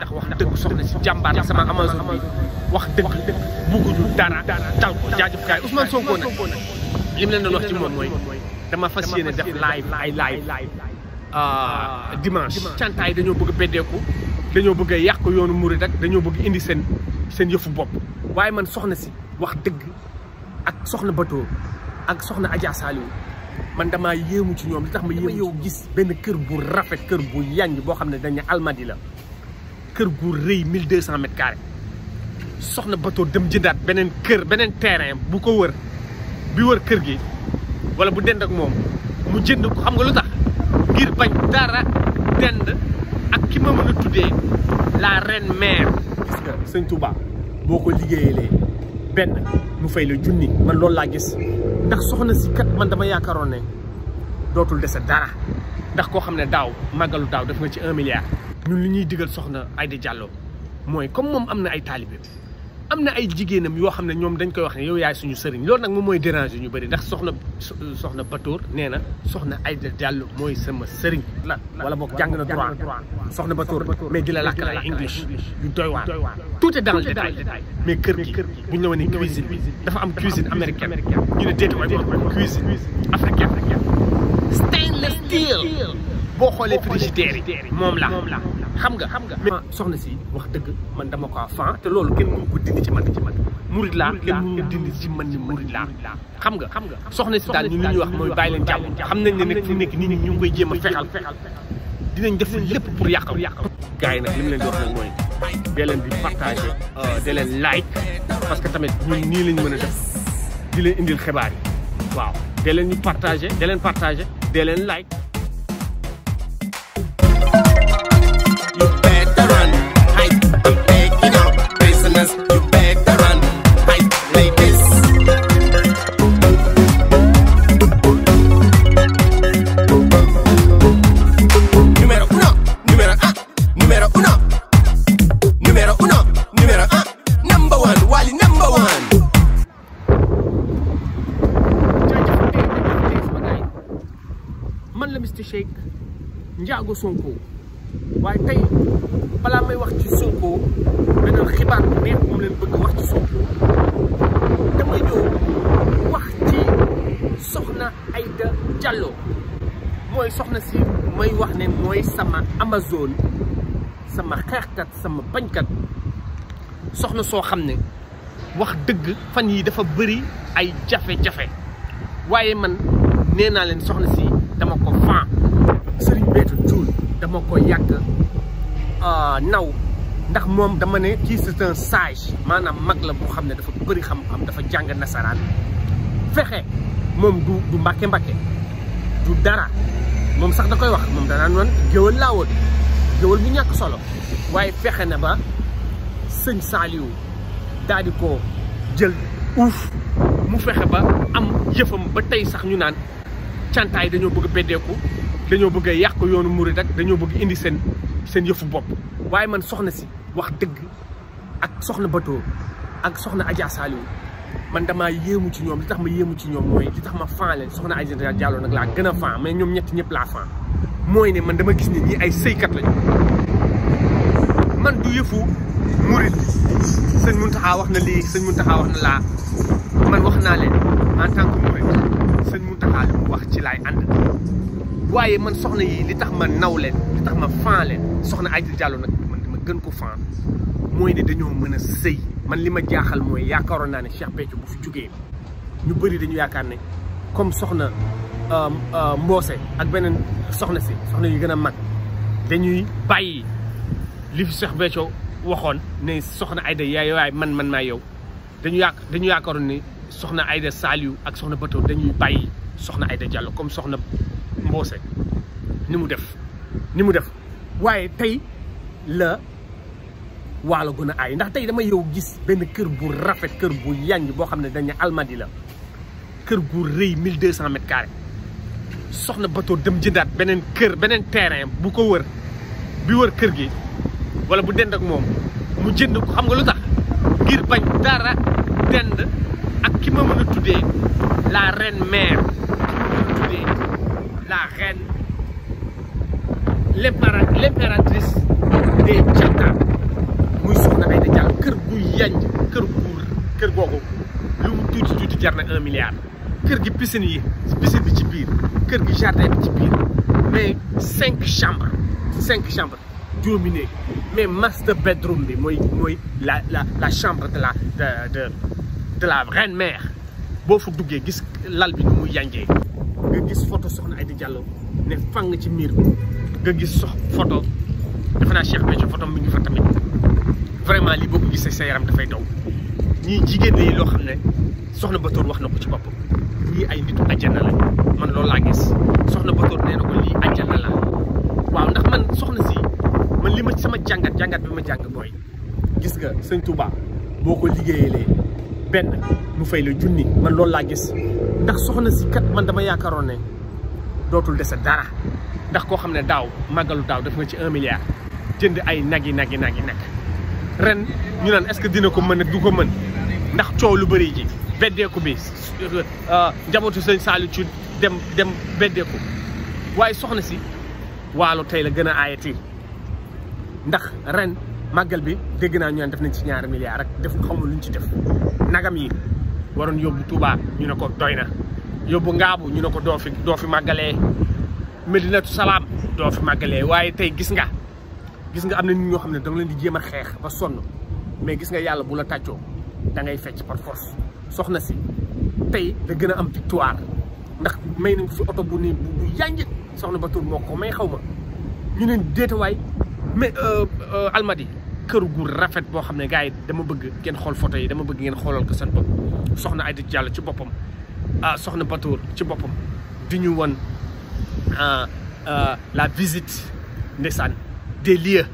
ndax wax deug soxna sama amazon bi wax dëgg bugguñu dara tal ko jaajëf kaay Ousmane Sonko nag lim leen doon wax ci dama def live ay live ah, dimanche cantaay dañoo bëgg beddeeku dañoo bëgg a yoonu murid ak dañoo bëgg indi seen seen yëfu bopp man soxna si wax dëgg ak soxna Bato ak soxna Adja Saliou man damaa yéemu ci ñoom li tax ma gis ben kër bu rafet kër bu yànj boo xam ne almadi la kër gu rëy 1200 mètres carrés soxna bateau dem jëndaat beneen kër beneen terrain bu ko wër bi wër kër gi wala bu dend ak moom mu jënd ko xam nga lu tax ngir bañ dara dend ak ki ma mën a tuddee la reine mère. gis nga boo ko liggéeyalee benn mu fay la junni man loolu laa gis ndax soxna si kat man dama yaakaaroon ne. dootul dese dara ndax koo xam ne daaw màggalu daaw def nga ci un milliard. ñun li ñuy digal soxna Aïda jàlloo mooy comme moom am na ay taalibe am na ay jigéenam yoo xam ne ñoom dañ koy wax ne yow yaay suñu sëriñ loolu nag moom mooy dérange ñu bëri ndax soxna soxna Batoor nee na soxna Aïda Diallo mooy sama sëriñ. la wala boog jàng na droit soxna Batoor mais di la làkkal ay English yu doy waar. tout est dans le mais kër gi bu ñu la wanee cuisine dafa am cuisine américaine ñu ne déet boo xoolee frigidaire yi moom la xam nga xam nga soxna si wax dëgg man dama ko fan te loolu kenn mënu ko dindi ci mag ci la murid laa kenn mënu dindi ci man ni murid laa xam nga xam nga soxna si daal ñu li ñuy wax mooy bàyyi leen jàmm xam nañ ne nag nekk nit ñi ñu koy jéem a fexal dinañ def lépp pour yàqal yàqal gars yi nag li mu leen di wax nag mooy dee leen di partager euh, dee leen like parce que tamit ñun nii lañ mën a def di leen indil xibaar yi dee leen partagé leen partagé dee leen like. You better run, I'm taking business. You better run, this. Número uno, número ah, número uno. ko waaye tey balaa may wax ci Sonko beneen xibaar bu leen bëgg wax ci damay ñëw wax ci soxna Aïda mooy soxna si may wax ne mooy sama Amazone sama xeexkat sama bañkat soxna soo xam ne wax dëgg fan yi dafa bëri ay jafe-jafe waaye man nee naa leen soxna si dama ko yàgg euh, naw ndax moom dama ne kii c'est un maanaam mag la boo xam ne dafa bëri xam-xam dafa jàng nasaraan fexe moom du du mbàkke mbàkke du dara moom sax da koy wax moom danaa noon géwal laa woon géwal bu ñàkk solo waaye fexe na ba sëñ Saaliw daadi ko jël uuf mu fexe ba am yëfam ba tey sax ñu naan cantaay dañoo bëgg beddeeku dañoo bëgg a yàq yoonu murit ak dañoo bëgg indi seen seen yëfu bopp waaye man soxna si wax dëgg ak soxna Bato ak soxna Adja Saliou man dama yéemu ci ñoom li tax ma yéemu ci ñoom mooy li tax ma fan soxna Adja Diallo nag laa gën a fan mais ñoom ñetti ñëpp laa fan mooy ne man dama gis ni ñii ay sëykat lañu man du yëfu murit sëñ Mountakha wax na lii sëñ Mountakha wax na laa man wax naa leen en tant que murit sëñ Mountakha wax ci laay and waye man soxna yi li tax ma naw leen li tax ma fan leen soxna Aïda Diallo nak man ma gën ko fan moy ni dañu mëna sëy man lima ma jaaxal mooy yaakaaroon naa ne Cheikh Béthio bu fi jógee ñu bëri dañu yaakaar ne comme soxna euh euh mbossé ak benen soxna ci soxna yu gëna mag dañuy bàyyi li fi Cheikh Béthio waxon ne soxna Aïda yaay waay man man ma yow dañu yàq dañu yaakaaroon ne soxna Aïda Saliou ak soxna Bato dañuy bàyyi soxna Aïda Diallo comme soxna moose ni mu def ni mu def waaye tey la waalo gën a aay ndax tey dama yow gis benn kër bu rafet kër gu yànj boo xam ne dañu almadi la kër gu rëy mille de cent mètres carrés soxna bateau dem jëndaat beneen kër beneen terrain bu ko wër bi wër kër gi wala bu dend ak moom mu jënd xam nga lu tax ngir bañ dara dend ak ki ma mën a tuddee la reine mère la reine, l'impératrice de Tchata. muy soxna Aida nous kër gu yanj un milliard gi piscine yi jardin mais cinq chambres cinq chambres dominées mais master bedroom la chambre de la de la reine mère boo nga gis photo soxna Aïda Diallo ne fang ci miir bi nga gis sox photo defe naa Cheikh Béthio photo mi ngi fa tamit vraiment li boo ko gisee sa yaram dafay daw ñii jigéen ñi loo xam ne soxna Batoor wax na ko ci boppam lii ay nitu àjjana la man loolu laa gis soxna Batoor nee na ko lii àjjana la waaw ndax man soxna si man li ma sama jàngat jàngat bi ma jàng mooy gis nga sëñ Touba boo ko liggéeyalee benn mu fay la junni man loolu laa gis ndax soxna si kat man dama yaakaaroon ne dootul dese dara ndax koo xam ne daaw màggalu daaw def nga ci un milliard jënd ay nagi nagi nagi nag ren ñu naan est-ce que dina ko mën ak du ko mën ndax coow lu bëri ji beddeeku bi euh, njabootu sëñ Saliou ci dem dem beddeeku waaye soxna si waalo tey la gën a aayati ndax ren màggal bi dégg naa ñu naan def nañ ci ñaari milliards rek def xaw ma lu ñu ci def nagam yi waroon yóbbu Touba ñu ne ko doy na yóbbu Ngaabu ñu ne ko doo fi doo fi màggalee Medinatu Salaam doo fi màggalee waaye tey gis nga gis nga am na ñoo xam ne da nga leen di jéem a xeex ba sonn mais gis nga yàlla bu la tàccoo da ngay fecc par force soxna si tey da gën a am victoire ndax may nañ fi oto bu ni bu yànjit soxna Batour moo ko may xaw ma ñu ne déetawaay mais euh, euh, almadi kër guur rafet boo xam ne gars yi dama bëgg ngeen xool photo yi dama bëgg ngeen xoolal ko seen bopp soxna Aïda Diallo ci boppam ah soxna Batoor ci boppam di ñu won ah, ah, la visite ndeysaan des lieux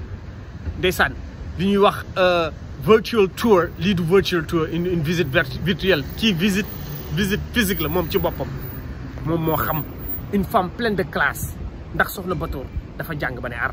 ndeysaan li ñuy wax euh, virtual tour lii du virtual tour une une visite virtuelle kii visite visite physique la moom ci boppam moom moo xam une femme pleine de classe ndax soxna Batoor dafa jàng ba ne ar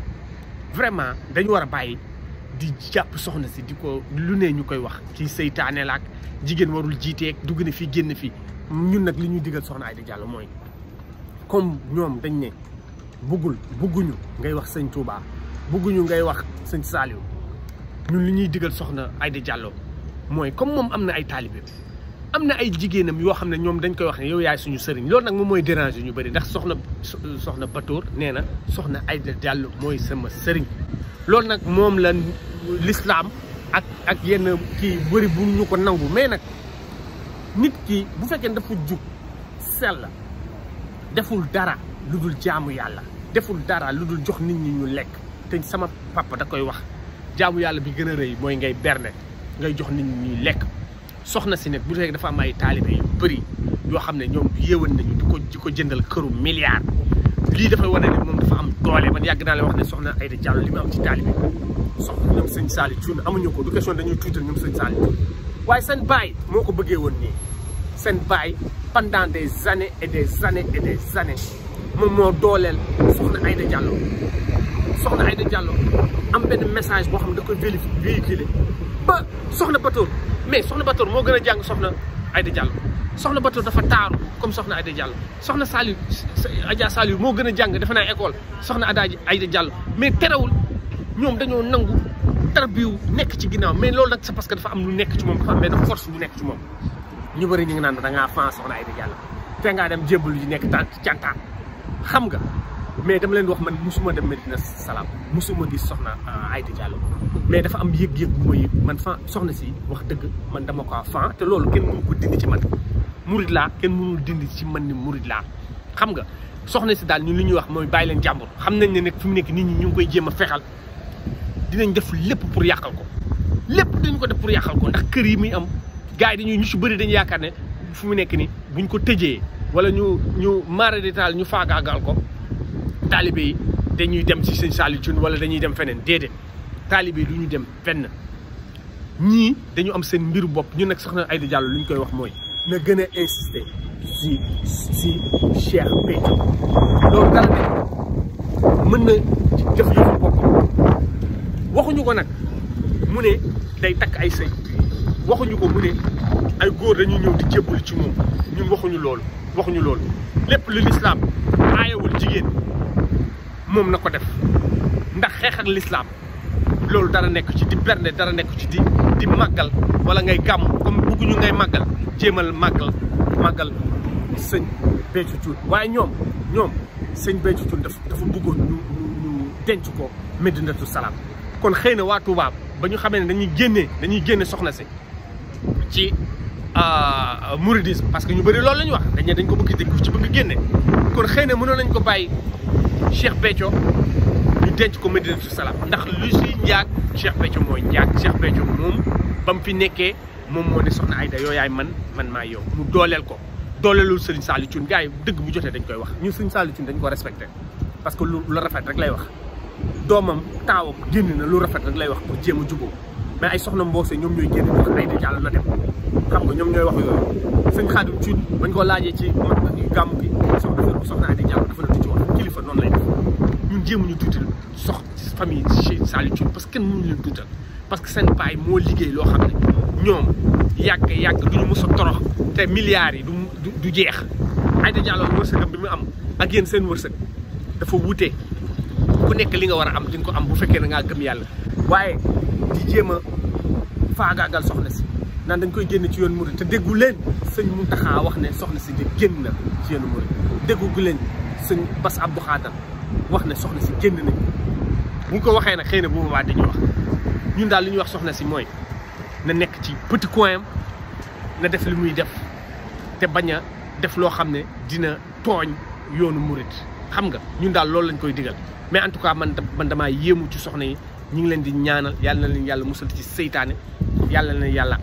vraiment dañu war a bàyyi di jàpp soxna si di ko lu ne ñu koy wax ci seytaane laak jigéen warul jiiteeg dugg na fii génn fii ñun nag li ñuy digal soxna Aïda Diallo mooy comme ñoom dañ ne buggul bugguñu ngay wax sëñ Touba bugguñu ngay wax sëñ Saliou ñun li ñuy digal soxna Aïda jàlloo mooy comme moom am na ay taalibe am na ay jigéenam yoo xam ne ñoom dañ koy wax ne yow yaay suñu sëriñ loolu nag moom mooy déranger ñu bëri ndax soxna soxna Batoor nee na soxna ay Diallo mooy sama sëriñ loolu nag moom la lislaam ak ak yenn kii bëri bu ñu ko nangu mais nag nit ki bu fekkee dafa jub sell deful dara lu dul jaamu yàlla deful dara lu dul jox nit ñi ñu lekk te sama papa da koy wax jaamu yàlla bi gën a rëy mooy ngay berne ngay jox nit ñi ñuy lekk soxna si nag bu dee dafa am ay taalibe yu bëri yoo xam ne ñoom yéewan nañu di ko di ko jëndal këru milliard lii dafay wane ne moom dafa am doole man yàgg naa la wax ne soxna Aïda Diallo li mu am ci taalibe soxna ñoom sëñ Saliou Thioune amuñu ko du question dañuy tuutal ñoom sëñ seen baay moo ko bëggee woon nii seen baay pendant des des années et des années moo dooleel soxna soxna Aïda Diallo am message boo xam ne da koy véhiculer ba soxna Batoor mais soxna Batoor moo gën a jàng soxna Aïda Diallo soxna Batoor dafa taaru comme soxna Aïda Diallo soxna Saliou Adja Saliou moo gën a jàng defe naa école soxna Adja Aïda Diallo mais terewul ñoom dañoo nangu tarbiwu nekk ci ginnaaw mais loolu nag c'est parce que dafa am lu nekk ci moom am benn force bu nekk ci moom ñu bëri ñu ngi naan da ngaa fan soxna Aïda Diallo te ngaa dem jébbalu ji nekk tant cantaan xam nga mais dama leen wax man musuma dem Medina Salaam musuma gis soxna euh, Aïda Diallo mais dafa am yëg-yëg bu man fan soxna si wax dëgg man dama ko fan te loolu kenn mënu ko dindi ci man murid laa kenn mënul ci man ni murid laa xam nga soxna si daal ñun li ñuy wax mooy bàyyi leen jàmbur xam nañ ne nag fi mu nekk nit ñi ñu koy jéem a fexal dinañ def lépp pour yàqal ko lépp dañ ko def pour yàqal ko ndax kër yi muy am gars yi dañuy ñu si bëri dañu yaakaar ne fi mu nekk ni buñ ko tëjee wala ñu ñu mara détail ñu faagaagal ko taalibe yi dañuy dem ci sëñ Saliou Thioune wala dañuy dem feneen déedéet taalibe yi du ñu dem fenn ñii dañu am seen mbiru bopp ñu nag soxna Aïda Diallo lu ñu koy wax mooy na gën a insister si si Cheikh loolu dara mën na def yëfu boppam waxuñu ko nag mu ne day takk ay sëy waxuñu ko mu ne ay góor dañuy ñëw di jébbal ci moom ñu waxuñu loolu waxuñu loolu lépp lu lislaam aayewul jigéen moom na ko def ndax xeex ak lislaam loolu dara nekk ci di bernde dara nekk ci di di màggal wala ngay gàmm comme bugguñu ngay màggal jéemal màggal màggal sëñ Béthio Thioune waaye ñoom ñoom sëñ Béthio Thioune dafa dafa bëggoon ñu ñu denc ko Medinatu Salaam kon xëy na waa Touba ba ñu xamee ne dañuy génnee dañuy génne soxna si ci euh, mouridisme parce que ñu bëri loolu la ñu wax dañ ne dañ ko bëgg dégg ci bëgg génne kon xëy na mënoon nañ ko bàyyi Cheikh Béthio ñu denc ko Médinatu Salaam ndax lu si njaag Cheikh Béthio mooy njaag Cheikh Béthio moom ba mu fi nekkee moom moo ne soxna Aida yooyaay man man maa yow mu dooleel ko dooleelul Serigne Saliou Thioune gars yi dëgg bu jotee dañ koy wax ñu Serigne Saliou Thioune dañ ko respecté parce que lu lu rafet rek lay wax doomam taawam génn na lu rafet rek lay wax pour jéem a jubóo mais ay soxna mboose ñoom ñooy génn wax ay da jàll na dem xam nga ñoom ñooy wax yooyu sëñ xaadim cuun bañ ko laajee ci gàmm bi suñu affaire bu soxna ay da jàll dafa na du ci wax kilifa noonu lay def ñun jéemuñu tuutal sox famille Cheikh Saliou Thioune parce que kenn mënuñu leen tuutal parce que seen baay moo liggéey loo xam ne ñoom yàgg yàgg duñu mos a torox te milliards yi du du jeex ay da jàll wërsëgam bi mu am ak yéen seen wërsëg dafa wute ku nekk li nga war a am di ko am bu fekkee na ngaa gëm yàlla di jéem a faagaagal soxna si naan dañ koy génn ci yoon murid te déggu leen sëñ Muntaxa wax ne soxna si de génn na ci yoonu murid leen sëñ Bass Abdou Khadre wax ne soxna si génn nañ bu ñu ko waxee nag xëy na bu boobaa dañu wax ñun daal li ñuy wax soxna si mooy na nekk ci petit coin am na def li muy def te bañ a def loo xam ne dina tooñ yoonu murid xam nga ñun daal loolu lañ koy digal mais en tout cas man man damaa yéemu ci soxna yi ñu ngi leen di ñaanal yàlla na leen yàlla musal ci seytaane yàlla na yàlla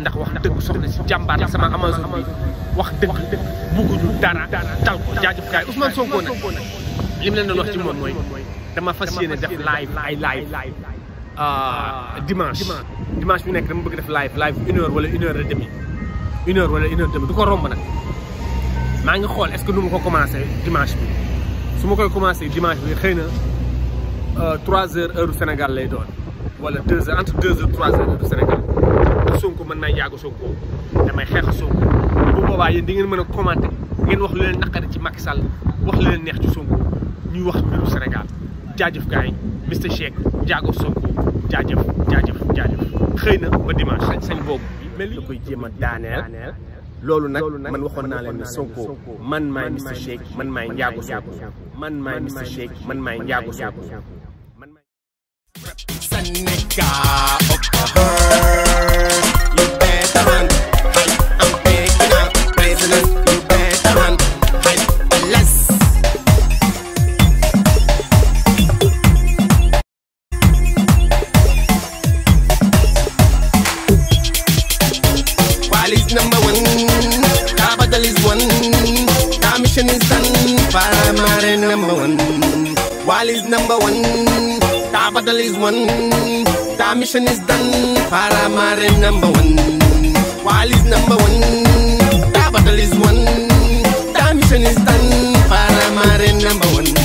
ndax wax dëgg soxna si jàmbaar la sama Amazone bi wax dëgg bugguñu dara dal ko jaajëf kaay Ousmane Sonko nag li mu leen doon wax ci moom mooy dama fas yéene def live ay live ah, dimanche dimanche bu nekk dama bëgg def live live une heure wala une heure et demie une heure wala une du ko romb nag maa ngi xool est-ce que nu ma ko commencé dimanche bi su ma ko commencé dimanche bi xëy na Euh, trois heures heure Sénégal lay doon wala deux heures entre deux heures heures Sénégal te Sonko mën naa yàgg Sonko damay xeex di ngeen mën a commenter ngeen wax leen naqari ci Macky Sall leen neex ci Sonko ñuy wax mbiru Sénégal jaajëf gars yi Mister Shake njaago Sonko jaajëf na ba dimanche sañ sañ boobu da a daaneel loolu nag man waxoon naa leen ne Sonko man maay man maay njaago Sonko man maay Mister man maay njaago Sonko You better run, I'm picking up prisoners. You better run, While is number one, is one. Our mission is done. number one. While is number one capital is one. The mission is done. Paramare number one. Wal is number one. The battle is one. The mission is done. Paramare number one.